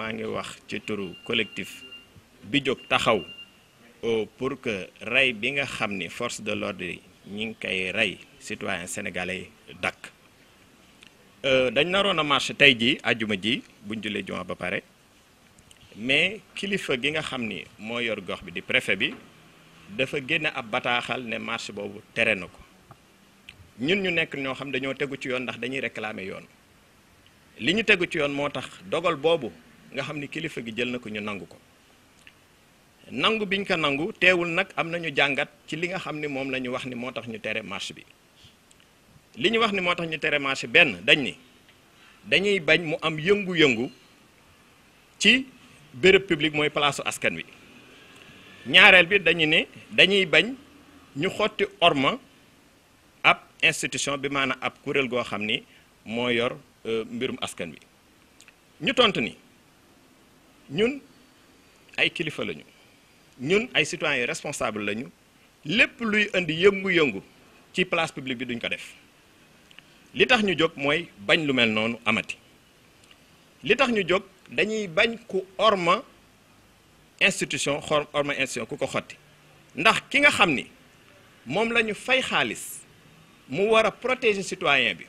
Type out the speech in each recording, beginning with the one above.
maa ngi wax ci turu collectif bi jóg taxaw oh, pour que rey bi nga xam ni force de l'ordre yi ñi ngi koy rey citoyen sénégalais dakk euh, dañ naroon a marché tey jii ajuma ji buñ julee jumaa ba pare mais kilifa gi nga xam ni moo yor gox bi di préfet bi dafa génne ab bataaxal ne marché boobu tere na ko ñun ñu nekk ñoo xam dañoo tegu ci yoon ndax dañuy réclamer yoon li ñu tegu ci yoon moo tax dogal boobu nga xamni ni kilifa gi jël na ñu nangu ko nangu biñ ko nangu teewul nak am ñu jangat ci li nga xamni ni lañu wax ni motax ñu téré marché bi li wax ni motax ñu téré marché ben dañ ni dañuy bañ mu am yëngu-yëngu ci bëre public moy place askan wi ñaarel bi dañ ni dañuy bañ ñu xotti orma ab institution bi mana ab kurel go xamni ni yor euh, mbirum askan wi ñu tontu ni ñun ay kilifa lañu ñun ay citoyens responsable lañu lépp luy indi yëngu-yëngu ci place publique bi duñ ko def li tax ñu jóg mooy bañ lu mel noonu amati li tax ñu jóg dañuy bañ ku orma institution orma institution ku ko xotti ndax ki nga xam ni moom lañu fay xaalis mu war a protéger citoyen bi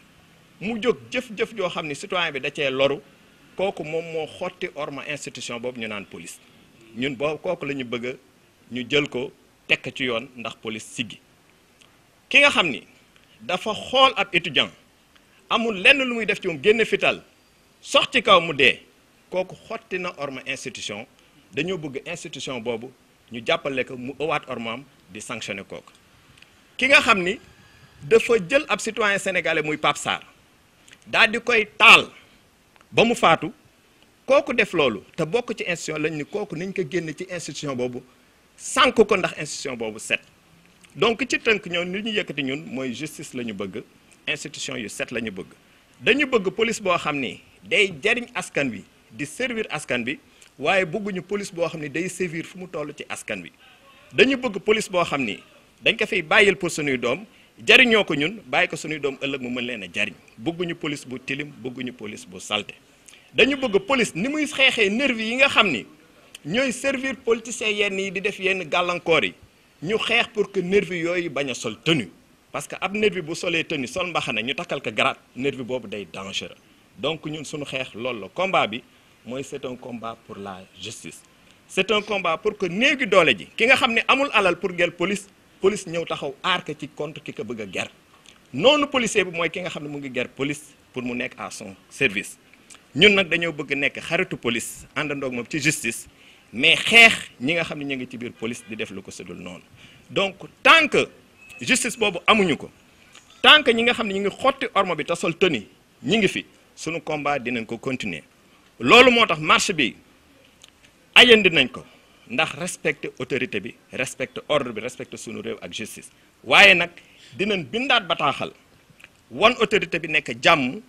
mu jóg jëf-jëf joo xam ni citoyen bi da cee loru kooku moom moo xotti orma institution boobu ñu naan police ñun boobu kooku la ñu bëgg ñu jël ko tekk ci yoon ndax police siggi ki nga xam ni dafa xool ab étudiant amul lenn lu muy def ci moom génn fital sox ci kaw mu dee kooku xotti na orma institution dañoo bëgg institution boobu ñu jàppale ko mu ëwaat ormaam di sanctionné kooku ki nga xam ni dafa jël ab citoyen sénégalais muy Pape Sarr daal di koy taal ba mu faatu kooku def loolu te bokk ci institution lañ ni kooku nañ ko génn ci institution boobu sànk ko ndax institution set donc ci tënk ñoo ni ñu yëkkati ñun mooy justice la ñu bëgg institution yu set la ñu bëgg dañu bëgg police boo xam ni day jariñ askan di servir askan bi waaye police boo xam ni day sévir fu mu toll ci askan bi dañu bëgg police boo xam ni dañ ko jariñoo ko ñun bàyyi ko suñuy doom ëllëg mu mën leen a jariñ police bu tilim bëggu ñu police bu salté dañu bëgg police ni muy xeexee nervi yi nga xamni ñoy servir politiciens yenn yi di def yenn galancor yi ñu xeex pour que nervi yoy baña sol tenue parce que ab nervi bu solé tenue sol mbaxana ñu takkal ko garaat nervi bobu day dangereux donc ñun suñu xeex loolu la combat bi moy c'est un combat pour la justice c'est un combat pour que néegi doole ji ki nga xamni amul alal pour gel police police ñëw taxaw aar ko ci contre ki ko bëgg a ger noonu policier bi mooy ki nga xam ne mu ngi ger police pour mu nekk à son service ñun nag dañoo bëgg nekk xaritu police àndandoog moom ci justice mais xeex ñi nga xam ne ñu ngi ci biir police di def lu ko sudul noonu donc tant que justice boobu amuñu ko tant que ñi nga xam ne ñu ngi xotti ormo bi te sol tëni ñi ngi fi sunu combat dinañ ko continuer loolu moo tax marche bi ayandi nañ ko ndax respecte autorité bi respecte ordre bi respecte sunu réew ak justice waaye nag dinañ bindaat bataaxal won autorité bi nekk jàmm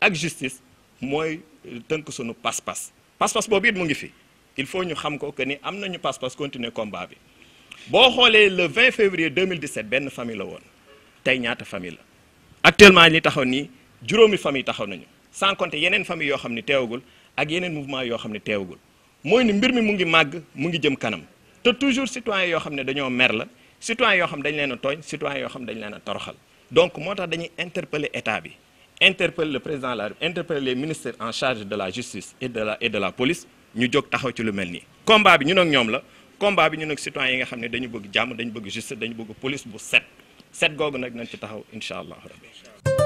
ak justice mooy euh, tënk sunu pas-pas pas-pas boobu it mu ngi fi il faut ñu xam ko que ni am nañu pas-pas continuer combat bi boo xoolee le 20 février 2017 benn famille la woon tey ñaata famille la actuellement li taxaw nii juróomi famille taxaw nañu sans compter yeneen famille yoo xam ne teewagul ak yeneen mouvement yoo xam mooy ni mbir mi mu ngi mag mu ngi jëm kanam te toujours citoyen yo xamne dañoo mer la citoyen yo dañ a citoyen xam dañ donc motax interpeller état interpeller le président la interpeller les ministères en charge de la justice et de la police Nous jog taxaw ci lu melni combat bi ñun ak ñom la combat bi ñun ak citoyen yi nga xamne dañu bëgg jamm dañu bëgg justice police bu set set gogu nak nañ ci